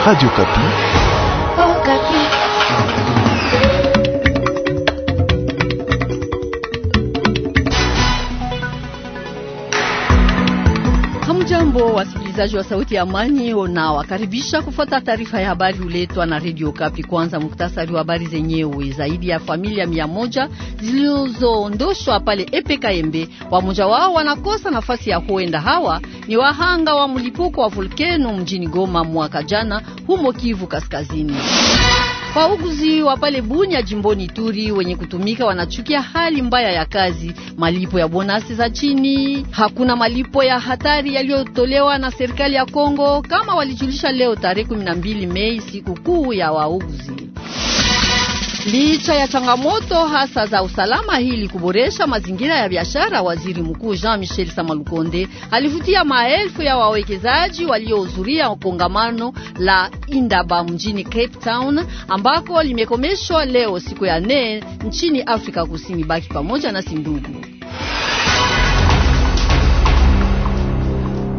Radio Okapi. Oh, Kapi. Hamjambo wa wasikilizaji wa Sauti ya Amani wakaribisha kufuata taarifa ya habari huletwa na Redio Kapi. Kwanza muktasari wa habari zenyewe. Zaidi ya familia mia moja zilizoondoshwa pale Epekaembe, wamoja wao wanakosa nafasi ya kuenda. Hawa ni wahanga wa mlipuko wa volkeno mjini Goma mwaka jana, humo Kivu Kaskazini. Wauguzi wa pale Bunya jimboni Turi wenye kutumika wanachukia hali mbaya ya kazi, malipo ya bonasi za chini, hakuna malipo ya hatari yaliyotolewa na serikali ya Kongo, kama walijulisha leo tarehe 12 Mei, siku kuu ya wauguzi. Licha ya changamoto hasa za usalama ili kuboresha mazingira ya biashara, waziri mkuu Jean Michel Samalukonde alivutia maelfu ya wawekezaji waliohudhuria kongamano la Indaba mjini Cape Town, ambako limekomeshwa leo siku ya nne nchini Afrika Kusini. Baki pamoja na sindugu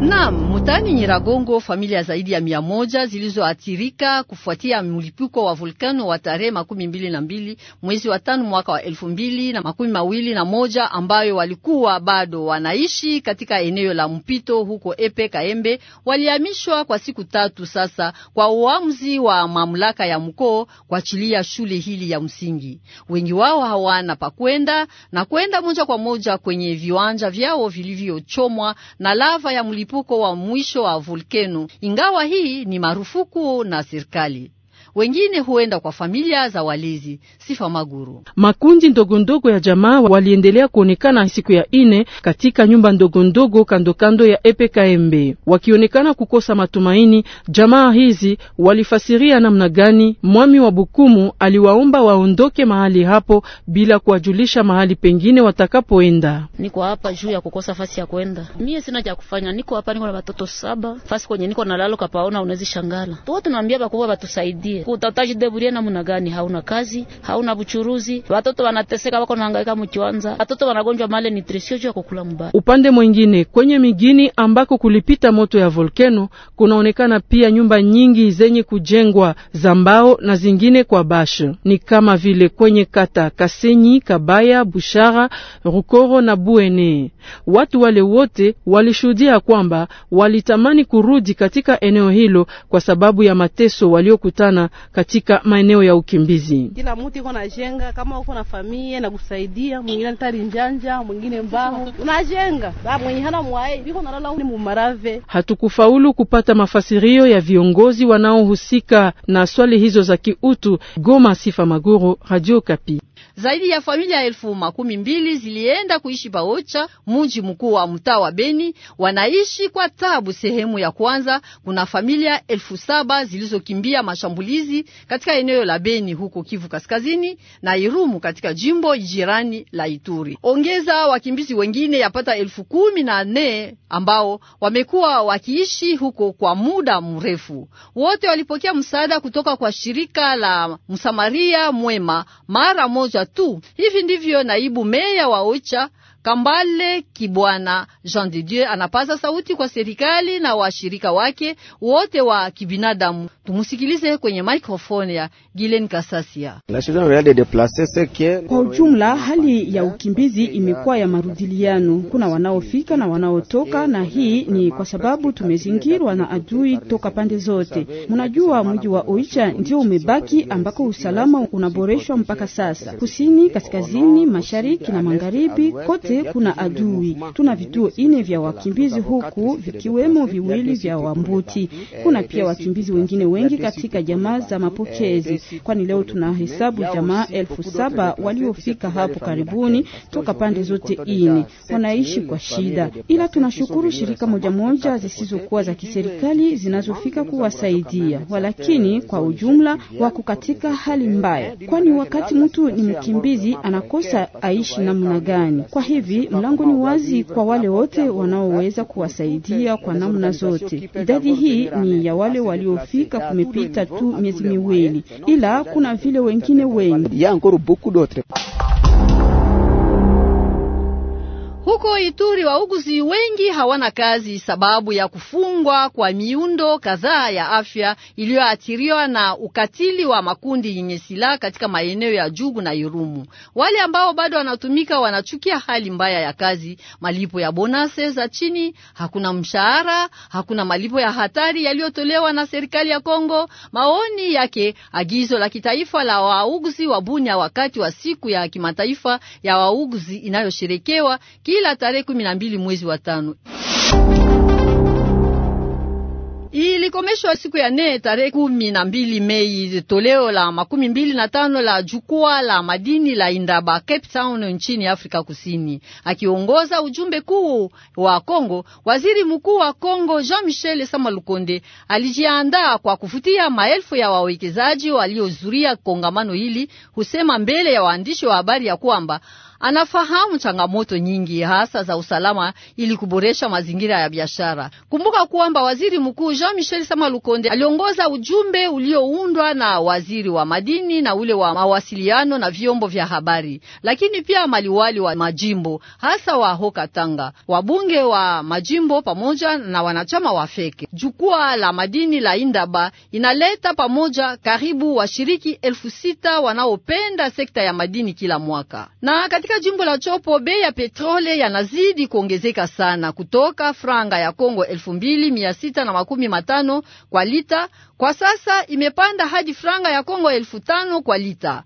Naam, mutani Nyiragongo, familia zaidi ya mia moja zilizoathirika kufuatia mlipuko wa volkano wa tarehe makumi mbili na mbili mwezi wa tano mwaka wa elfu mbili na makumi mawili na moja ambayo walikuwa bado wanaishi katika eneo la mpito huko Epe Kaembe walihamishwa kwa siku tatu sasa kwa uamuzi wa mamlaka ya mkoo kuachilia shule hili ya msingi. Wengi wao hawana pakwenda na kwenda moja kwa moja kwenye viwanja vyao vilivyochomwa na lava ya mlipuko mlipuko wa mwisho wa volkeno, ingawa hii ni marufuku na serikali wengine huenda kwa familia za walizi. Sifa Maguru. Makundi ndogondogo ya jamaa waliendelea kuonekana siku ya ine katika nyumba ndogondogo kandokando ya EPKMB wakionekana kukosa matumaini. Jamaa hizi walifasiria namna gani? Mwami wa Bukumu aliwaomba waondoke mahali hapo bila kuwajulisha mahali pengine watakapoenda. Niko hapa juu ya kukosa fasi ya kwenda, mie sina cha kufanya, niko hapa, niko na watoto saba, fasi kwenye niko nalalo kapaona, unawezi shangala tuwa tunaambia bakubwa batusaidie bure. Utatashide bure namna gani? Hauna kazi, hauna buchuruzi, watoto wanateseka, wako nahangaika mkiwanza, watoto wanagonjwa male nutrition ya kukula mbaya. Upande mwingine kwenye migini ambako kulipita moto ya volkeno kunaonekana pia nyumba nyingi zenye kujengwa za mbao na zingine kwa basho, ni kama vile kwenye kata Kasenyi, Kabaya, Bushara, Rukoro na Buene. Watu wale wote walishuhudia kwamba walitamani kurudi katika eneo hilo kwa sababu ya mateso waliokutana katika maeneo ya ukimbizi. Kila mtu iko najenga, kama uko na familia na kusaidia, mwingine anatari njanja, mwingine mbaho unajenga, mwenye hana mwai iko nalala ni mumarave. Hatukufaulu kupata mafasirio ya viongozi wanaohusika na swali hizo za kiutu. Goma, Sifa Maguru, Radio Kapi. Zaidi ya familia elfu makumi mbili zilienda kuishi paocha mji mkuu wa mtaa wa Beni. Wanaishi kwa tabu. Sehemu ya kwanza kuna familia elfu saba zilizokimbia mashambulizi wakimbizi katika eneo la Beni huko Kivu Kaskazini na Irumu katika jimbo jirani la Ituri. Ongeza wakimbizi wengine yapata elfu kumi na nne ambao wamekuwa wakiishi huko kwa muda mrefu. Wote walipokea msaada kutoka kwa shirika la Msamaria Mwema mara moja tu. Hivi ndivyo naibu meya wa Ocha Kambale Kibwana Jean de Dieu anapaza sauti kwa serikali na washirika wake wote wa kibinadamu. Tumusikilize kwenye microphone ya Gilen Kasasia. Kwa ujumla, hali ya ukimbizi imekuwa ya marudiliano, kuna wanaofika na wanaotoka, na hii ni kwa sababu tumezingirwa na adui toka pande zote. Mnajua mji wa Oicha ndio umebaki ambako usalama unaboreshwa mpaka sasa, kusini, kaskazini, mashariki na magharibi kote kote kuna adui. Tuna vituo ine vya wakimbizi huku vikiwemo viwili vya Wambuti. Kuna eh, pia wakimbizi wengine wengi katika jamaa za mapokezi, eh, kwani leo tuna hesabu jamaa elfu saba waliofika hapo karibuni toka pande zote ine, wanaishi kwa shida, ila tunashukuru shirika moja moja zisizokuwa za kiserikali zinazofika kuwasaidia, walakini eh, kwa ujumla wako katika hali mbaya, kwani wakati mtu ni mkimbizi anakosa aishi namna gani? Kwa hivyo hivi mlango ni wazi kwa wale wote wanaoweza kuwasaidia kwa namna zote. Idadi hii ni ya wale waliofika, kumepita tu miezi miwili, ila kuna vile wengine wengi. Huko Ituri wauguzi wengi hawana kazi sababu ya kufungwa kwa miundo kadhaa ya afya iliyoathiriwa na ukatili wa makundi yenye silaha katika maeneo ya Jugu na Irumu. Wale ambao bado wanatumika wanachukia hali mbaya ya kazi, malipo ya bonase za chini, hakuna mshahara, hakuna malipo ya hatari yaliyotolewa na serikali ya Kongo. Maoni yake agizo la kitaifa la wauguzi wa Bunya wakati wa siku ya kimataifa ya wauguzi inayosherekewa kila tarehe 12 mwezi wa tano. Ilikomeshwa siku ya nne tarehe kumi na mbili Mei toleo la makumi mbili na tano la jukwaa la madini la Indaba Cape Town nchini Afrika Kusini. Akiongoza ujumbe kuu wa Kongo, waziri mkuu wa Kongo Jean-Michel samalukonde alijiandaa kwa kufutia maelfu ya wawekezaji waliohudhuria kongamano hili, husema mbele ya waandishi wa habari ya kwamba anafahamu changamoto nyingi hasa za usalama ili kuboresha mazingira ya biashara. Kumbuka kwamba waziri mkuu Jean Michel samalukonde aliongoza ujumbe ulioundwa na waziri wa madini na ule wa mawasiliano na vyombo vya habari, lakini pia maliwali wa majimbo hasa wa hoka tanga wabunge wa majimbo pamoja na wanachama wa feke. Jukwaa la madini la Indaba inaleta pamoja karibu washiriki elfu sita wanaopenda sekta ya madini kila mwaka na katika katika jimbo la Chopo bei ya petrole yanazidi kuongezeka sana kutoka franga ya Kongo 2615 kwa lita, kwa sasa imepanda hadi franga ya Kongo 5000 kwa lita.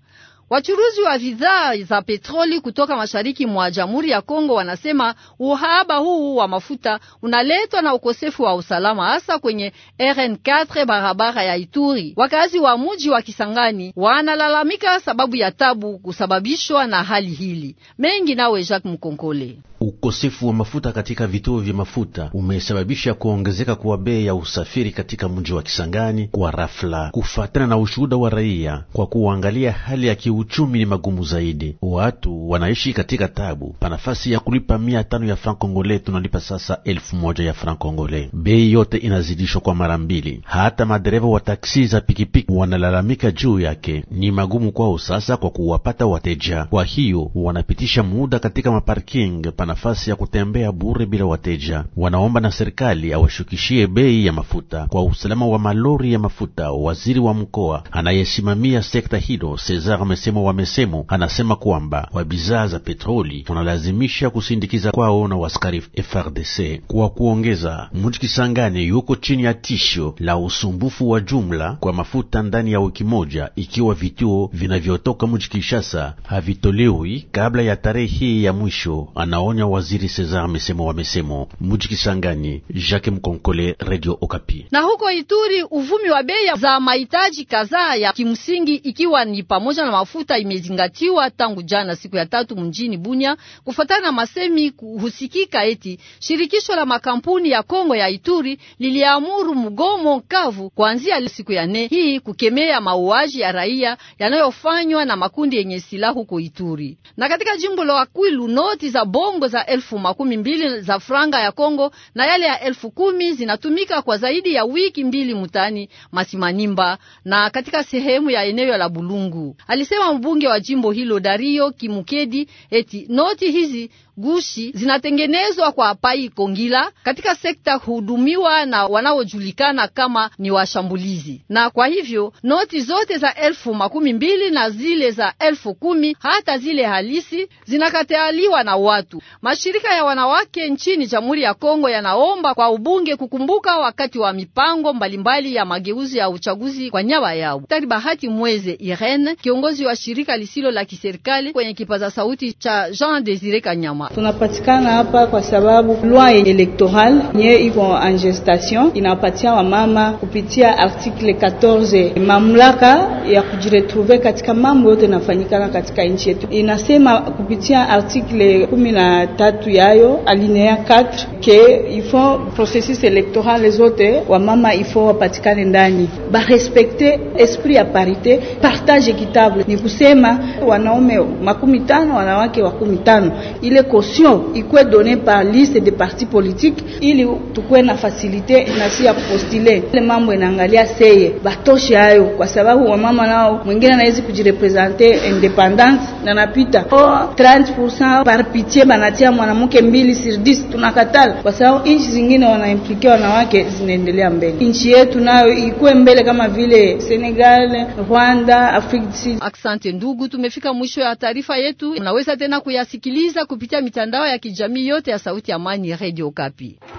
Wachuruzi wa bidhaa za petroli kutoka mashariki mwa Jamhuri ya Kongo wanasema uhaba huu wa mafuta unaletwa na ukosefu wa usalama hasa kwenye RN4 barabara ya Ituri. Wakazi wa mji wa Kisangani wanalalamika sababu ya tabu kusababishwa na hali hili. Mengi nawe Jacques Mkonkole. Ukosefu wa mafuta katika vituo vya mafuta umesababisha kuongezeka kwa bei ya usafiri katika mji wa Kisangani kwa rafla. Kufuatana na ushuhuda wa raia, kwa kuangalia hali ya kiuchumi ni magumu zaidi. Watu wanaishi katika tabu. Pa nafasi ya kulipa mia tano ya franc congolais tunalipa sasa elfu moja ya franc congolais. Bei yote inazidishwa kwa mara mbili. Hata madereva wa taksi za pikipiki wanalalamika juu yake. Ni magumu kwao sasa kwa kuwapata wateja, kwa hiyo wanapitisha muda katika maparking nafasi ya kutembea bure bila wateja. Wanaomba na serikali awashukishie bei ya mafuta kwa usalama wa malori ya mafuta. Waziri wa mkoa anayesimamia sekta hilo Cesar Mesemo wa Mesemo anasema kwamba wa bidhaa za petroli wanalazimisha kusindikiza kwao na waskari FRDC. Kwa kuongeza, mji Kisangani yuko chini ya tisho la usumbufu wa jumla kwa mafuta ndani ya wiki moja, ikiwa vituo vinavyotoka mji Kinshasa havitolewi kabla ya tarehe hii ya mwisho anaona Mwanya, waziri Cesar Misemo wa Misemo muji Kisangani. Jacques Mkonkole, Radio Okapi. Na huko Ituri, uvumi wa bei za mahitaji kadhaa ya kimsingi ikiwa ni pamoja na mafuta imezingatiwa tangu jana siku ya tatu mjini bunya kufuatana na masemi kuhusikika eti shirikisho la makampuni ya Kongo ya Ituri liliamuru mgomo kavu kuanzia siku ya nne hii kukemea mauaji ya raia yanayofanywa na makundi yenye silaha huko Ituri. Na katika jimbo la Kwilu, noti za bongo kidogo za elfu makumi mbili za franga ya Kongo na yale ya elfu kumi zinatumika kwa zaidi ya wiki mbili mutani Masimanimba na katika sehemu ya eneo la Bulungu, alisema mbunge wa jimbo hilo Dario Kimukedi eti noti hizi gushi zinatengenezwa kwa Pai Kongila katika sekta hudumiwa na wanaojulikana kama ni washambulizi, na kwa hivyo noti zote za elfu makumi mbili na zile za elfu kumi hata zile halisi zinakataliwa na watu. Mashirika ya wanawake nchini Jamhuri ya Kongo yanaomba kwa ubunge kukumbuka wakati wa mipango mbalimbali ya mageuzi ya uchaguzi kwa nyaba yao. Tari Bahati Mweze Irene, kiongozi wa shirika lisilo la kiserikali, kwenye kipaza sauti cha Jean Desire Kanyama. Tunapatikana hapa kwa sababu loi electoral nye iko en gestation inapatia wamama kupitia article 14 mamlaka ya kujiretrouve katika mambo yote nafanyikana katika nchi yetu. Inasema kupitia article 13 yayo alinea 4 ke ifo processus electoral zote wamama ifo wapatikane ndani, barespekte esprit ya parite partage équitable, ni kusema wanaume makumi tano wanawake wakumi tano ile ko caution ikuwe donne par liste de parti politique ili tukuwe na fasilite nasi ya kupostile ile mambo inaangalia seye batoshe hayo, kwa sababu wamama nao mwingine anawezi kujirepresente independance na napita o 30% par pitié banatia mwanamke mbili sur 10 tunakatala, kwa sababu nchi zingine wanaimplike wanawake zinaendelea mbele. Nchi yetu nayo ikuwe mbele kama vile Senegal, Rwanda, Afrika. Asante ndugu, tumefika mwisho ya taarifa yetu. Unaweza tena kuyasikiliza kupitia mitandao ya kijamii yote ya Sauti ya Amani, Radio Kapi.